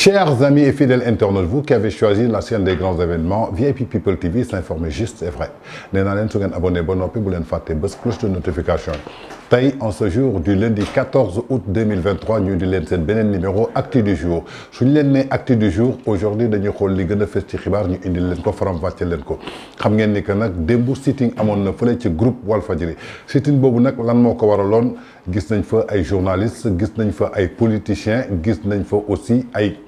Chers amis et fidèles internautes vous qui avez choisi la chaîne des grands événements VIP People TV s'informer juste et vrai nee naa abonné ba vous bu cloche de notification tey en ce jour du lundi 14 août 2023 ñu di leen seen numéro acte du jour suñu leen nee acte du jour aujourd'hui dañuy xool li gën festival, fës ci xibaar ñu indi leen ko faram-fàcce leen ko xam ngeen ni que nag démb sitting amoon na fële ci groupe Walfadjri sitting boobu nag lan un ko waraloon gis nañ fa ay journalistes gis nañ fa ay politiciens gis nañ fa aussi ay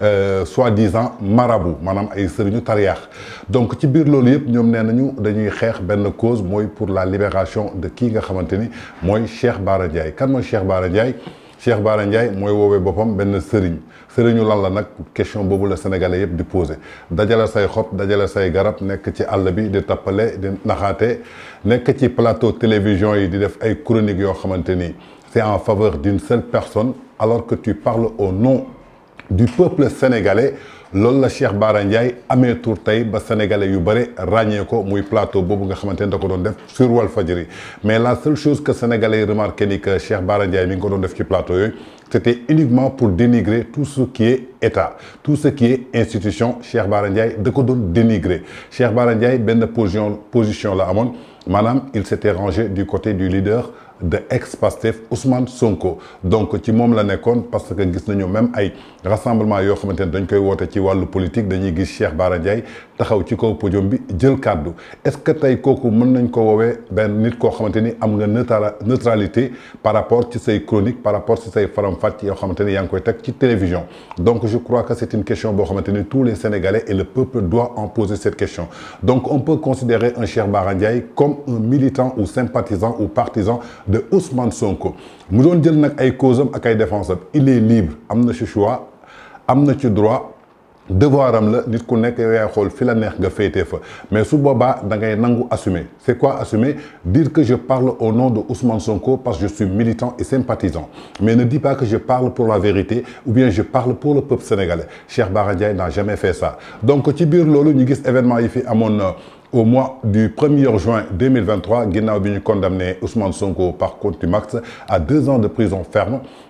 euh, soi-disant marabout Madame ay sëriñu tariyaax donc ci biir loolu yëpp nous nee nous dañuy xeex ben cause moi pour la libération de kii nga xamante ni mooy Cheikh Bara Ndiaye kan mooy Cheikh Bara Ndiaye Cheikh Bara Ndiaye mooy woowee boppam benn sëriñ sëriñu lan la question boobu le sénégalais yëpp di posé dajale say xob dajale say garab nekk ci de bi di tappale di naxaate nekk ci plateau télévision yi di def ay chroniques yoo c'est en faveur d'une seule personne alors que tu parles au nom du peuple sénégalais ce la Cheikh a mis amee tur le sénégalais yu bëri ko plateau bobu nga xamante da sur mais la seule chose que sénégalais remarqué que Cheikh Bara a fait plateau c'était uniquement pour dénigrer tout ce qui est état tout ce qui est institution Cheikh barandjay, de quoi dénigrer Cheikh barandjay, a position position la Madame, il s'était rangé du côté du leader de ex-Pastef Ousmane Sonko donc ci moom la nekkoon parce que gis nañu même ay rassemblement yoo xamante ne dañ koy woote ci wàllu politique dañuy gis Cheikh Bara Ndiaye taxaw ci kaw podium bi jël cadeau est-ce que vous koku mën nañ ko wowe ben nit ko xamanteni am nga neutralité par rapport ci say chronique par rapport ci say faram-fàcc yoo xamante qui koy ci télévision donc je crois que c'est une question bo xamanteni tous les Sénégalais et le peuple doit en poser cette question donc on peut considérer un cher barandjay comme un militant ou sympathisant ou partisan de Ousmane Sonko mu don jël nak ay cause ak défense il est libre il na choix amna ci droit devoir la nit ku nek yow la neex mais su Boba, da ngay assumer c'est quoi assumer dire que je parle au nom de Ousmane Sonko parce que je suis militant et sympathisant mais ne dis pas que je parle pour la vérité ou bien je parle pour le peuple sénégalais Cher Baradia n'a jamais fait ça donc ci bir lolu ñu gis événement yi fi euh, au mois du 1er juin 2023 Il bi condamné Ousmane Sonko par max à deux ans de prison ferme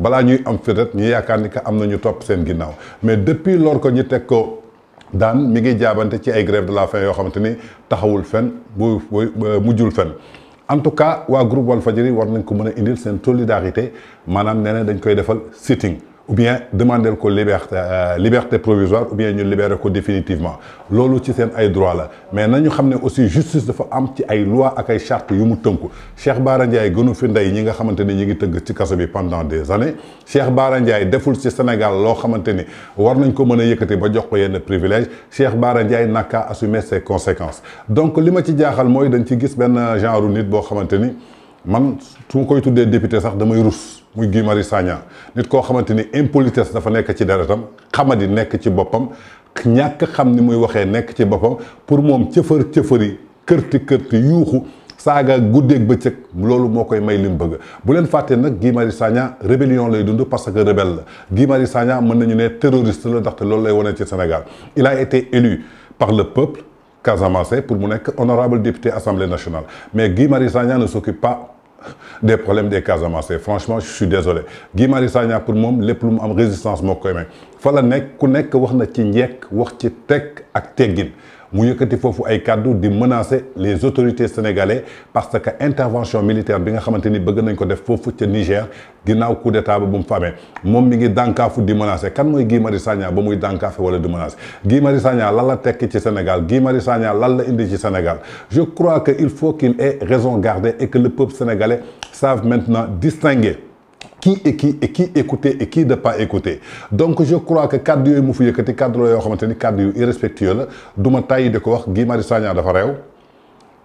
balaa ñuy am fi ret ñu yaakaar ni que am na ñu topp seen ginnaaw mais depuis lors que ñu teg ko daan mi ngi jaabante ci ay grève de la faim yoo xamante ni taxawul fen bu euh, mujjul fen en tout cas waa groupe Walfadjri war nañ ko mën a indil seen solidarité maanaam neneen dañ koy defal sitting ou bien demander la euh, liberté provisoire ou bien nous libérer définitivement ce ci est ay droit mais nous savons aussi justice dafa am ci ay loi ak ay charte yu mu Cheikh Bara Ndiaye pendant des années Cheikh que deful ci Sénégal a ba jox ko privilège Cheikh Barandia n'a naka assumer ses conséquences donc que je veux dire, c'est dañ ci gis un genre nit man tu député muy Guy Marius Sagna nit ko xamanteni impolitesse dafa nek ci deretam xamadi nek ci bopam ñak xamni muy waxe nek ci bopam pour mom cëfër cëfëri kërti kërti yuuxu saga guddeeg bëccëg lolu mo koy may lim mu bëgg bu len faté nak Guy Mari Sagna rébellion lay dund parce que rebelle la Guy Marius Sagna meun nañu né terroriste la daxté lolu lay wane ci Sénégal il a été élu par le peuple casamançais pour mu honorable député assemblée nationale mais Guy Marius Sagna ne s'occupe pas des problèmes des Casamance franchement je suis désolé Guy pour moi les plumes mu résistance moo koy may fa la nekk ku nekk wax na ci njekk wax ci mu yëkkati foofu ay di menacer les autorités sénégalais parce que intervention militaire bi nga xamante ni bëgg nañ ko def foofu ca Niger ginnaaw coup d'état ba bu mu famee moom mi ngi dànkaafu di menacer kan mooy Guy Marius Sagna ba muy dànkaafe wala di menacer Guy Marius Sagna lan la ci Sénégal Guy Marius Sagna lan la indi Sénégal je crois que il faut qu'il ait raison gardée et que le peuple sénégalais savent maintenant distinguer qui et qui et qui écouter et qui ne pas écouter donc je crois que cadre yooyu mu fi yëkkati kàddu la yoo xamante yu irrespectueux la du ma di ko wax Guy Marius Sagna dafa rew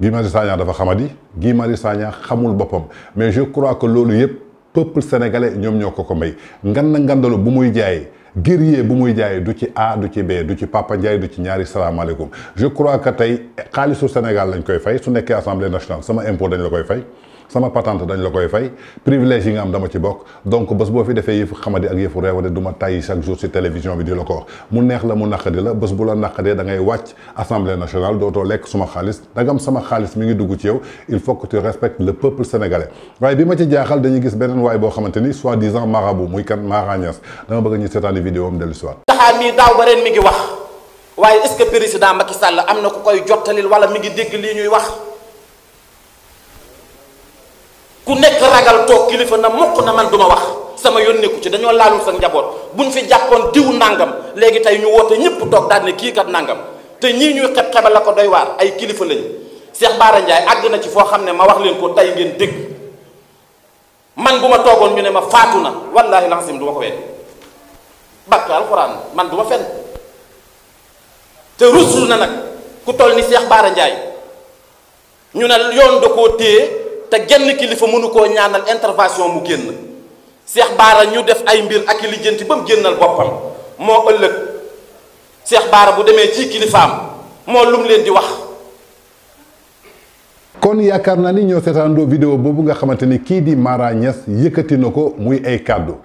Guy Mari Sagna dafa xamadi Guy Marius Sagna xamul boppam mais je crois que lolu yëpp peuple sénégalais ñom ñoko ko may ngan na ngandalu bu muy jaay guerrier bu muy jaay du ci A du ci B du ci Papa Ndiaye du ci ñaari salaamaaleykum je crois que tey xaalisu Sénégal lañ koy fay su nekké assemblée nationale sama impôt dañ la koy fay sama patente dañ la koy fay privilège yi nga am dama ci bok donc bës bo fi défé yef xamadi ak yef réew duma du chaque jour ci télévision bi di la ko wax mu neex la mu naqadi la bës bu la naqadee da ngay wacc assemblée nationale doto lek suma xaalis dagam sama xaliss mi ngi dugg ci yow il faut que tu respectes le peuple sénégalais waaye bima ci jaaxal dañuy gis benen way bo xamanteni ni disant marabout muy kan Mara dama bëgg ñu seetaani vidéo am dellu si waat daxaa mii ba ren mi ngi wax waye est-ce que président Macky Sall am na ku koy jottalil wala mi ngi dégg li ñuy wax ragal toog kilifa na mokk na man du ma wax sama yónneeku ci dañoo laalul sa njaboot bu ñu fi jàppoon diw nàngam léegi tey ñu woote ñëpp toog daal ne kii kat nàngam te ñii ñuy xeb xebal la ko doy waar ay kilifa lañu Cheikh Bara Ndiaye àgg na ci foo xam ne ma wax leen ko tey ngeen dégg man bu ma toogoon ñu ne ma faatu na wallaahi laxasim du ma ko wet bàkk alxuraan man du ma fenn te ruslu na nag ku toll ni Cheikh Bara ñu ne yoon da koo téye te genn kilifa mënu koo ñaanal intervention mu génn Cheikh Baara ñu def ay mbir ak i lijjanti ba mu génnal boppam moo ëllëg Cheikh Baara bu demee ci kilifaam moo lum leen di wax. kon yaakaar naa ni ñoo seetaandoo vidéo boobu nga xamante ni kii di Mara Niass yëkkati na ko muy ay kàddu.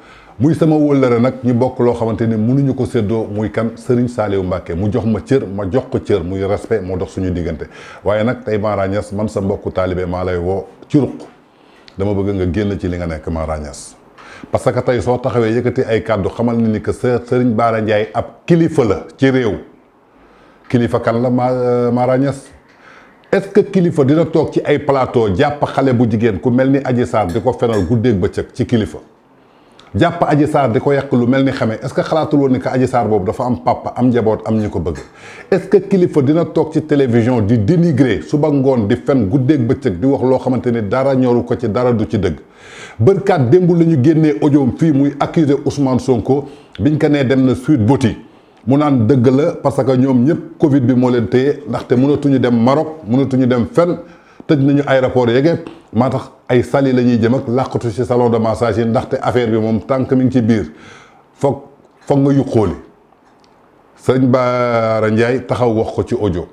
muy sama wolere nak ñu bokk lo xamanteni mënu ñu ko seddo muy kan Serigne salew mbake mu jox ma cër ma jox ko cër muy respect mo dox suñu digënté waye nak tay ma rañas man sa mbokku talibé maa lay wo ci dama bëgg nga génn ci li nga nek ma rañas parce que tay so taxawé yëkëti ay cadeau xamal ni que Serigne Bara ndjay ab kilifa la ci réew kilifa kan la ma euh, rañas est-ce que kilifa dina tok ci ay plateau japp xalé bu jigen ku melni Adji sar diko fénal guddé ak bëcëk ci kilifa jàpp Adji Sarr di ko yàq lu mel ni xamee est-ce que xalaatul woon ni que Adji Sarr boobu dafa am papa am njaboot am ñu ko bëgg est-ce que kilifa dina toog ci télévision di dénigrer suba ngoon di fen guddeeg bëccëg di wax loo xamante ni dara ñoru ko ci dara du ci dëgg bërkaat démb la ñu génnee audio fii muy accuser Ousmane Sonko biñ ko nee dem na suite Sweet Beauty mu naan dëgg la parce que ñoom ñëpp Covid bi moo leen téye ndaxte mënatuñu dem Maroc mënatuñu dem fen tëj nañu aéroport yeeg maa tax ay sali la ñuy jëm ak làqatu ci salon de massage yi ndaxte affaire bi moom tànk mi ngi ci biir foog foog nga yuqóoli sëñ Baara Ndiaye taxaw wax ko ci ojo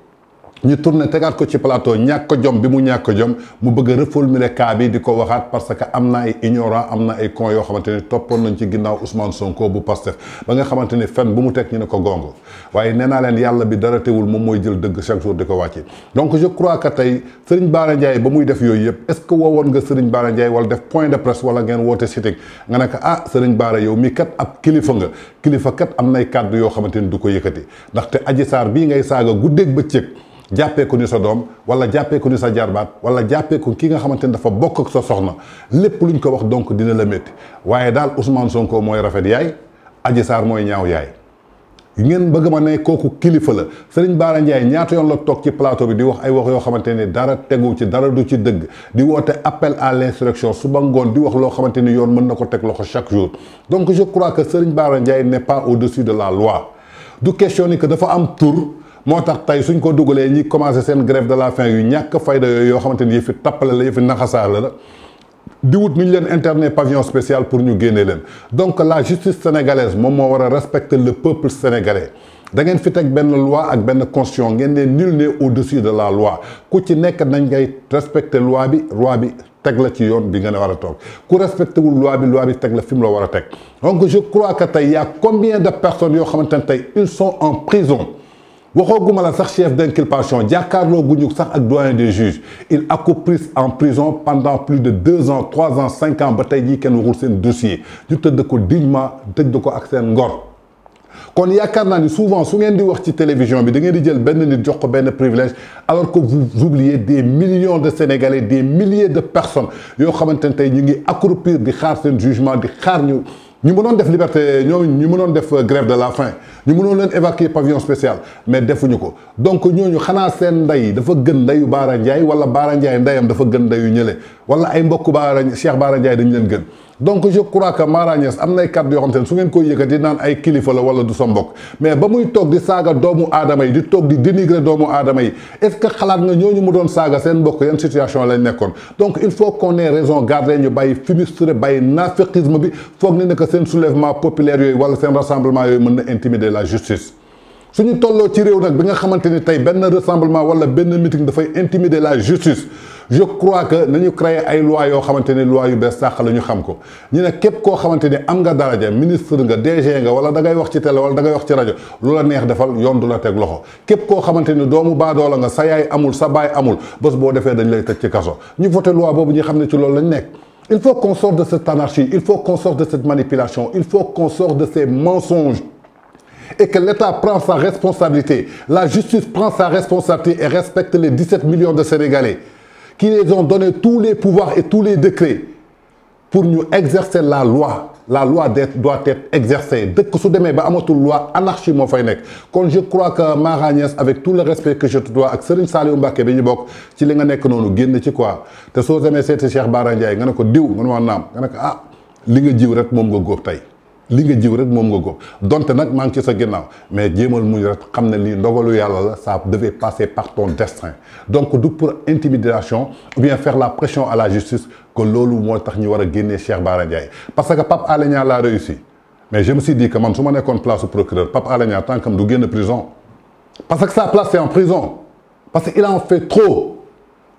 ñu tourné tegaat ko ci plateau ñàkk ko jom bi mu ñàkk ko jom mu bëgg a reformuler cas bi di ko waxaat parce que am na ay ignorant am na ay con yoo xamante ni toppoon nañ ci ginnaaw Ousmane Sonko bu Pastef ba nga xamante ni fen bu mu teg ñu ne ko gongo waaye nee naa leen yàlla bi dara teewul moom mooy jël dëgg chaque jour di ko wàcce donc je crois que tey Serigne Bara Ndiaye ba muy def yooyu yëpp est-ce que woowoon nga Serigne Bara Ndiaye wala def point de presse wala ngeen woote sitig nga ne ko ah Serigne Bara yow mi kat ab kilifa nga kilifa kat am nay kàddu yoo xamante ni du ko yëkkati ndaxte Adji Sarr bii ngay saaga guddeeg bëccëg jàppee ko ni sa dom wala jàppee ko ni sa jarbat wala jàppee ko ki nga xamante ne dafa bokk ak sa soxna lepp luñ ko wax donc dina la metti waye dal Ousmane Sonko moy rafet yaay Adji sar moy ñaaw yaay. ngeen bëgg ma ne kooku kilifa la Serigne Bara Ndiaye ñaata yoon la tok ci plateau bi di wax ay wax yo xamante dara teggu ci dara du ci deug di woote appel à l'instruction suba ngoon di wax lo xamante yon mën nako tek loxo chaque jour donc je crois que Serigne Bara Ndiaye n'est pas au-dessus de la loi du question ni que dafa am tour moo tax tey suñ ko dugalee ñi commencé grève de la faim yu ñàkk fayda yooyu yoo xamante ni fait taper la yëfi naxasaar la la di wut nu leen internet pavillon spécial pour ñu génne leen donc la justice sénégalaise moi, moi, war respecter le peuple sénégalais da ngeen fi teg benn loi ak ben conscience. ngeen ne nul n'est au-dessus de la loi ku ci nekk nañ ngay respecter loi bi loi bi teg la ci yoon bi nga ne war ku loi bi loi bi teg la fi mu la donc je crois que y a combien de personnes yoo ils sont en prison waxooguma la sax chef d'inculpation jàkkaarloo guñu sax ak doyen des juges il accouplisse en prison pendant plus de deux ans trois ans cinq ans batay tey ken kenn waxul seen dossier ñu tëdd ko dignement tëdd ko ak sen ngor kon yakarna ni souvent su ngeen di wax ci télévision bi da ngeen di jël ben nit jox ko ben privilège alors que vous oubliez des millions de sénégalais des milliers de personnes yo xamante tay tey ñu ngi accroupir di xaar sen jugement di xaar ñu ñu mënoon def liberté ñooñu ñu mënoon def grève de la faim ñu mënoon leen évacuer pavillon spécial mais defuñu ko donc ñooñu xanaa seen ndey dafa gën ndeyu Baara Ndiaye wala Baara Ndiaye ndeyam dafa gën ndeyu ñële wala ay mbokku Baara Cheikh Baara Ndiaye dañu leen gën. donc je crois que Mara Niass am nay kàddu yoo xam te ne su ngeen koy di naan ay kilifa la wala du sa mbokk mais ba muy toog di saaga doomu aadama yi di toog di dénigrer doomu aadama yi est-ce que xalaat nga ñooñu mu doon saaga seen mbokk yan situation lañ nekkoon donc il faut qu'on ait raison garder ñu bàyyi fumisterie bàyyi naaféqisme bi foog ni ne que seen soulèvement populaire yooyu wala seen rassemblement yooyu mën na intimider la justice suñu tolloo ci réew nag bi nga xamante ni tey benn rassemblement wala benn meeting dafay intimider la justice je crois que nous créer ay loi yo xamantene ne loi yu les sax la ñu xam ko ñu ne kep ko xamantene am nga daraja ministre nga DG nga wala da ngay wax ci télé wala da ngay wax ci radio lu neex defal yoon du la teg loxo képp koo xamante ne doomu la nga sa yaay amul sa baay amul bés bo defee dañ lay tecc ci kasso ñu voté loi bobu ñu xam ne ci loolu lañ nekk il faut qu'on sorte de cette anarchie il faut qu'on sorte de cette manipulation il faut qu'on sorte de ces mensonges et que l'État prenne sa responsabilité, la justice prend sa responsabilité et respecte les 17 millions de Sénégalais qui les ont donné tous les pouvoirs et tous les décrets pour nous exercer la loi la loi doit être exercée De ce demee ba amatul loi anarchie loi fay nekk Quand je crois que Mara Niasse avec tout le respect que je te dois ak Serigne Saliou Mbacké bi ñu bokk ci li nga nekk noonu génn ci quoi te soo demee seeti Cheikh Bara Ndiaye nga ne ko diw nga ne ma naam nga ko ah li nga jiw rek nga li nga jiw rek mom nga góob donte nak pas. ci sa mais muñ rek ne ndogalu ça devait passer par ton destin donc du pour intimidation ou bien faire la pression à la justice que lolu moo tax ñu de a Cheikh parce que Pape alenia a l'a réussi mais je me suis dit que man suma qu'on place au procureur Pape alenia tant qu'il du une prison parce que sa place est en prison parce qu'il en fait trop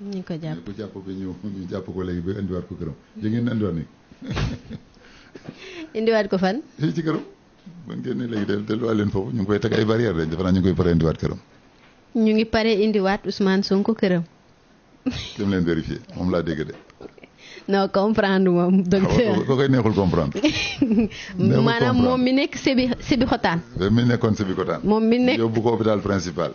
ñu ko jàpp bi ñu ñu jàpp ko léegi ba indiwaat ko këram. yéen ngeen indiwaat nii. indiwaat ko fan. fii ci këram. bu ngeen ne léegi de delluwaat leen foofu ñu ngi koy teg ay barrière lañ defe ñu ngi koy pare indiwaat këram. ñu ngi pare indiwaat Ousmane Sonko këram. dem leen vérifier moom laa dégg de. non comprendre moom docteur ah, ko koy neexul comprendre. maanaam moom mi nekk Sébi Sébi Xotaan. mi nekkoon Sébi Xotaan. moom mi nekk yóbbu ko hôpital principal.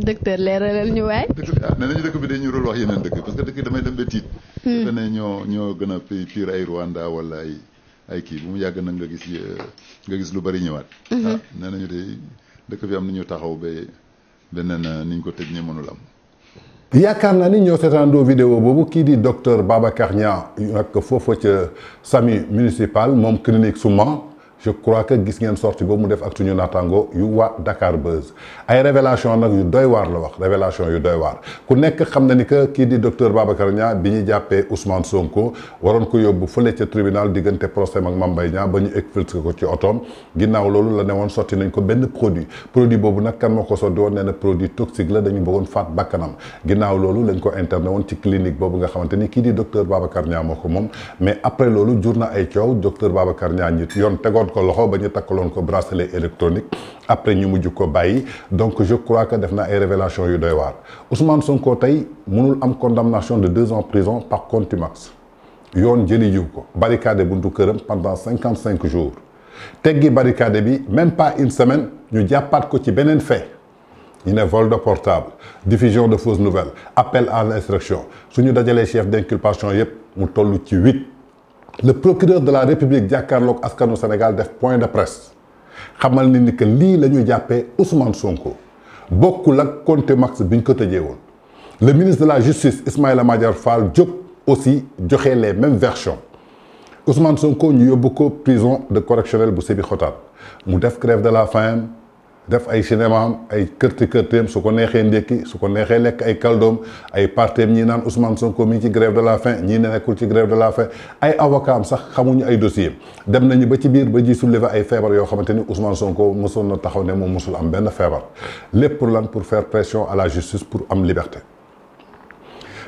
docteur leralal ñu way dëkk bi ah, nee nañu dëkk bi dañu doon wax yeneen dëkk parce que dëkk yi damay dem ba tiit. Hmm. defe ne ñoo ñoo gën a pire ay Rwanda wala ay ay kii bu mu yàgg nag nga gis eh, nga gis lu bari ñëwaat. Hmm. ah nee nañu de dëkk bi am nañu taxaw ba beneen eh, niñ ko tëj ñu mënul am. yaakaar naa ni ñoo seetaandoo vidéo boobu kii di docteur Babacar Niang nag foofa ca Samy municipal moom clinique Souma. je crois que gis ngeen sorti boobu mu def ak suñu naataango yu waa Dakar Buzz ay révélation nag yu doy waar la wax révélation yu doy waar ku nekk xam na ni que kii di docteur Babacar Niang bi ñu jàppee Ousmane Sonko waroon ko yóbbu fële ca tribunal diggante procès ak Mame Mbaye Niang ba ñu ko ci otoom ginnaaw loolu la ne woon sotti nañ ko benn produit produit boobu nag kan moo ko sotti woon nee na produit toxique la dañu bëggoon faat bakkanam ginnaaw loolu lañ ko interné woon boobu nga xamante ni kii di docteur Babacar Niang moo ko moom mais après loolu jur na ay coow docteur Babacar Niang yoon tegoon ko loxo a ñu bracelet électronique après ñu mujj ko bail. donc je crois que def na ay révélation yu doy Ousmane Sonko tey mënul am condamnation de deux ans prison par contimax yoon jëli jiw ko barricade buntu pendant 55 jours Tegui barricade bi même pas une semaine ñu jàppaat ko ci beneen fait Une vol de portable diffusion de fausses nouvelles appel à l'instruction. l'insurrection suñu les chef d'inculpation yépp mu toll ci huit le procureur de la république jàkkaarloog Askanou Sénégal def point de presse xamal ni ni que li la jappé Ousmane Sonko bokkul ak compte max biñ ko le ministre de la justice Ismaïla Amadiar Fall djok aussi joxe les mêmes versions Ousmane Sonko ñu yóbbu ko prison de correctionnel bu Khotat. mu def grève de la faim def ay cinéma am ay kërti kërteem su ko neexee ndékki su ko neexee lekk ay kaldoom ay parteem ñi naan Ousmane Sonko mi ngi ci grève de la faim ñii ne nekkul ci grève de la faim ay avocat am sax xamuñu ay dossier dem nañu ba ci biir ba ji soulever ay feebar yoo xamante ni Ousmane Sonko mosoon na taxaw ne moom mosul am benn feebar lépp pour lan pour faire pression à la justice pour am liberté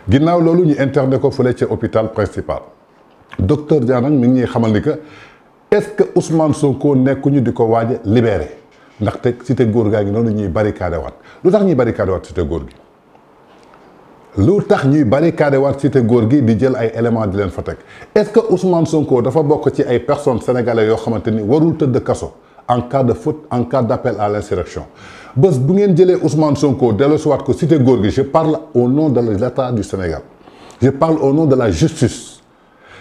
ginnaaw loolu ñu interné ko fële ci hôpital principal docteur Diane nag mi ngi ñuy xamal ni que est-ce que Ousmane Sonko nekkuñu di ko waaj a libéré ndaxte cité góor gaa ngi noonu ñuy barricade waat lu tax ñuy barricade waat cité góor gi lu tax ñuy barricade waat cité góor gi di jël ay éléments di leen fa est-ce que Ousmane Sonko dafa bokk ci ay personnes sénégalais yoo xamante ni warul de kaso en cas de faute en cas d'appel à l'insurrection Si bu ngeen jëlee Ousmane Sonko dès soir ko cité góor je parle au nom de l'État du Sénégal je parle au nom de la justice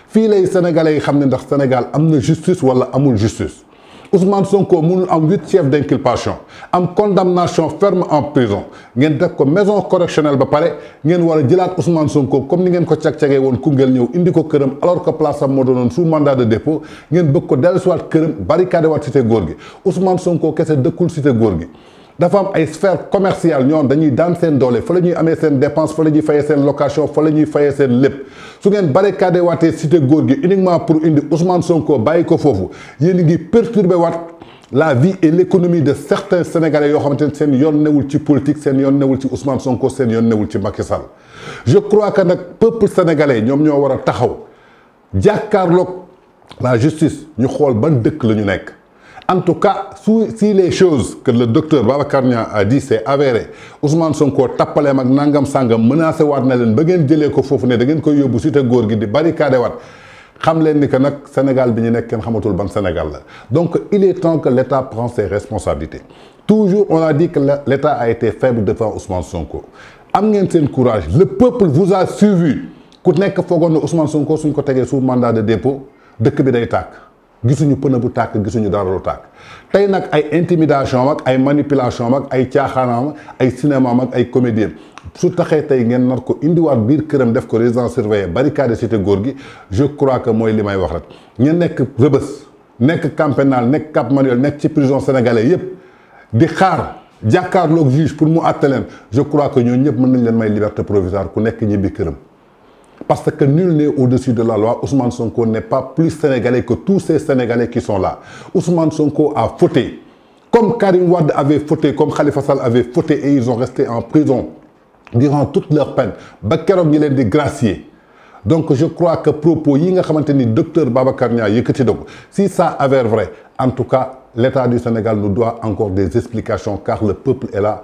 fii lay sénégalais yi xam ne ndax Sénégal am la justice wala amul justice. Ousmane Sonko a am huit chefs d'inculpation am condamnation ferme en prison def maison correctionnelle ba pare il a Ousmane Sonko comme ni ngeen ko cag a alors que place est sous mandat de dépôt ngeen a ko dellusiwaat këram barricade cité de Ousmane Sonko de la cité de dafa am ay sphère commerciale ñoom dañuy dans seen dollars fa la ñuy amee dépenses, dépense fa la ñuy fayee location fa la ñuy fayee seen lépp su ngeen barricadé waatee cité góor uniquement pour indi Ousmane Sonko bàyyi ko foofu yéen ngi perturbé waat la vie et l'économie de certains Sénégalais yoo xamante ne seen yoon newul ci politique seen yoon newul ci Ousmane Sonko seen yoon newul ci Macky Sall je crois que nag peuple sénégalais ñoom ñoo wara a taxaw Diakarlo, la justice ñu xool ban dëkk la ñu en tout cas, si les choses que le docteur Babacarnia a dit c'est avéré, Ousmane Sonko tapalé ak nangam sangam menacé waat na len ba ngeen jëlé ko fofu né da ngeen koy yobbu cité goor gi di barricadé wat. xam len ni que nak Sénégal bi ñu nekk kenn xamatul ban Sénégal la donc il est temps que l'État prend ses responsabilités toujours on a dit que l'État a été faible devant Ousmane Sonko am ngeen sen courage le peuple vous a suivi ku nek fogon Ousmane Sonko suñ ko tegee sous mandat de dépôt dëkk bi day tak. gisuñu pëna bu tàkk gisuñu dara lu tàkk tey nag ay intimidation ak ay manipulation mag ay caaxaanaam ay cinéma ak ay comédien su taxee tey ngeen nar ko indiwaat biir këram def ko résidence surveillée barricade cité góor gi je crois que mooy li may wax rek ña nekk rëbës nekk camp pénal nekk Cap Manuel nekk ci prison sénégalais yépp di xaar jàkkaarloog juge pour mu àtte leen je crois que ñoo ñëpp mën nañ leen may liberté provisoire ku nekk ñibbi këram Parce que nul n'est au-dessus de la loi. Ousmane Sonko n'est pas plus sénégalais que tous ces Sénégalais qui sont là. Ousmane Sonko a fauté. Comme Karim Wad avait fauté, comme Khalifa Sall avait fauté et ils ont resté en prison durant toute leur peine. Bakarom il est dégracié. Donc je crois que propos yi nga docteur Babacar si ça avait vrai en tout cas l'état du Sénégal nous doit encore des explications car le peuple est là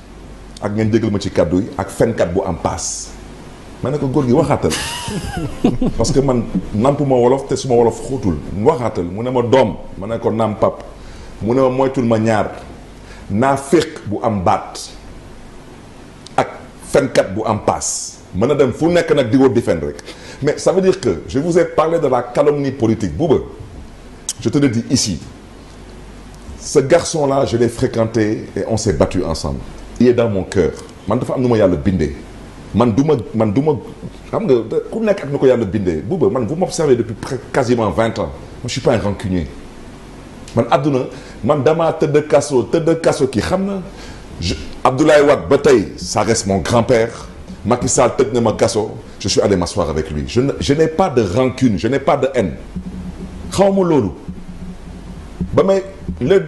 ak ngeen jégal ma ci kaddu yi ak fenkat bu am paas ma ne ko góor gi waxaatal parce que man namp ma wolof te suma wolof xóotul waxaatal mu ne ma doom ma ko nampap, pap mu ne ma moytul ma ñaar naa bu am baat ak fenkat bu am paas mën dem fu nekk nag di wër di rek mais ça veut dire que je vous ai parlé de la calomnie politique boube. je te le dis ici ce garçon là je l'ai fréquenté et on s'est battu ensemble il est dans mon cœur man dafa am nu ma yàlla bindee man du ma man du ma xam nga ku nekk ak nu ko yàlla bindee man vous m'observez depuis près quasiment 20 ans je suis pas un rancunier man àdduna man dama tëdd de casso, kaso de casso na je Abdoulaye Wade ba ça reste mon grand-père Macky Sall tëj ma kaso je suis allé m'asseoir avec lui je n'ai pas de rancune je n'ai pas de haine xawma loolu ba le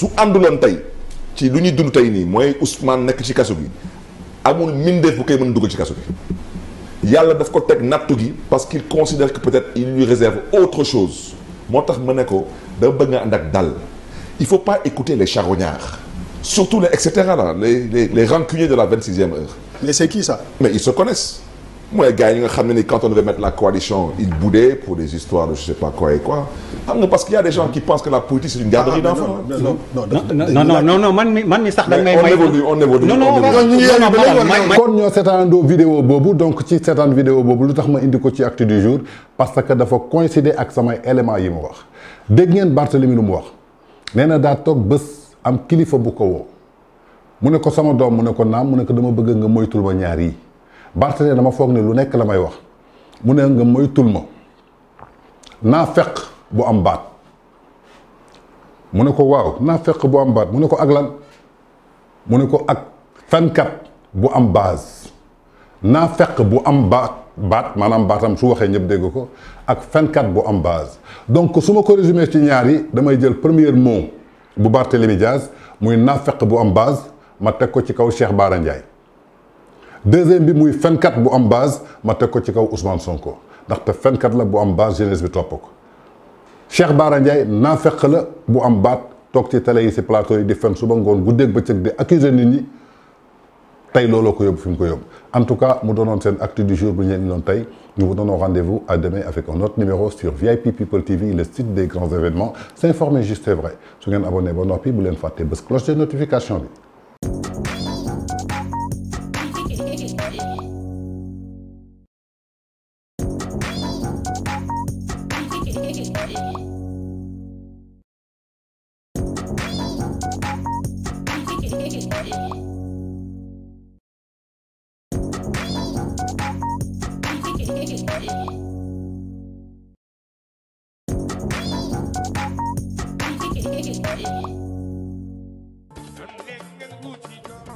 su ànduloon tey ci lu ñuy dund tey nii mooy Ousmane nekk ci kaso bi amul mindeef bu koy mën ci bi daf ko gi parce qu'il considère que peut-être il lui réserve autre chose moo tax ma ne ko nga dal il faut pas écouter les charognards surtout les et là les les les rancuniers de la vingt sixième heure. mais c'est qui ça. mais ils se connaissent. Moi, gars yi quand on devait mettre la coalition il boudait pour des histoires je sais pas quoi et quoi ah, parce qu'il y a des gens qui pensent que la politique c'est une garderie ah, d'enfants non non non non non, vidéo vidéo acte jour parce que éléments yi non, wax non, ngeen non, lu Barthélémy dama foog ne lu nekk la may wax mu ne nga moytul ma naa feq bu am baat mu ko waaw naa bu am baat mu ko ak lan mu ne ko ak fenkat bu am base naa bu am baat baat maanaam baatam su waxee ñëpp dégg ko ak fenkat bu am base donc su ko résumé ci ñaar yi damay jël premier mot bu Barthélémy Diaz muy naa bu am base ma teg ko ci kaw Cheikh Bara Ndiaye deuxième bi muy 24 bu am base ma teg ko ci kaw Ousmane Sonko te 24 la bu am base jeunesse bi topp ko Cheikh Bara Ndiaye naafeq la bu am baat tok ci télé ci plateau yi di fen suba ngoon guddeeg bëccëg di accuser nit ñi tay looloo ko yob fi ko yob en tout cas mu donon sen acte du jour bu ñen leen tay nous vous donnons rendez-vous à demain avec un autre numéro sur VIP People TV le site des grands événements s'informer juste et vrai su ngeen abonné bon noppi bu len faté bëss cloche de notification bi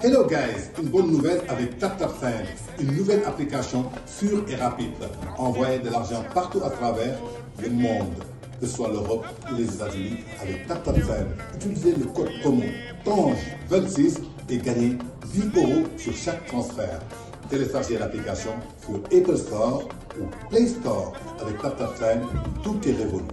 Hello guys, une bonne nouvelle avec TapTapSend, une nouvelle application sûre et rapide. Envoyez de l'argent partout à travers le monde, que ce soit l'Europe ou les États-Unis, avec TapTapSend. Utilisez le code commun TANGE26 et gagner 8 euros sur chaque transfert. Téléchargez l'application sur Apple Store ou Play Store avec Time, tout est révolu.